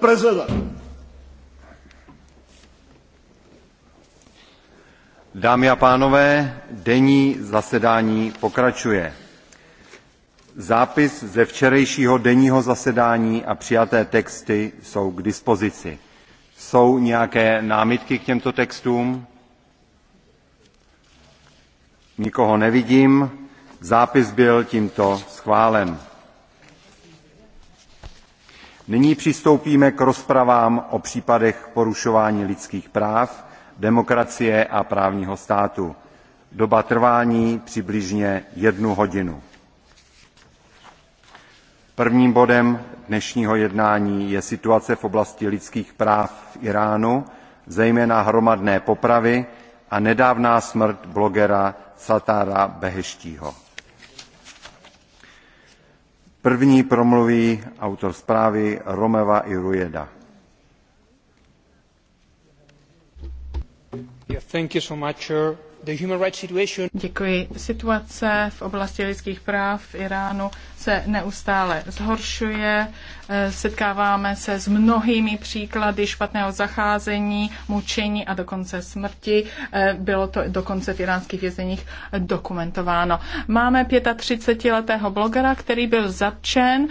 prezident. Dámy a pánové, denní zasedání pokračuje. Zápis ze včerejšího denního zasedání a přijaté texty jsou k dispozici. Jsou nějaké námitky k těmto textům? Nikoho nevidím. Zápis byl tímto schválen nyní přistoupíme k rozpravám o případech porušování lidských práv demokracie a právního státu. doba trvání přibližně jednu hodinu. prvním bodem dnešního jednání je situace v oblasti lidských práv v íránu zejména hromadné popravy a nedávná smrt blogera sattára beheštího. První promluví autor zprávy Romeva i Rueda. Děkuji. Situace v oblasti lidských práv v Iránu se neustále zhoršuje. Eh, setkáváme se s mnohými příklady špatného zacházení, mučení a dokonce smrti. Eh, bylo to dokonce v iránských vězeních dokumentováno. Máme 35-letého blogera, který byl zatčen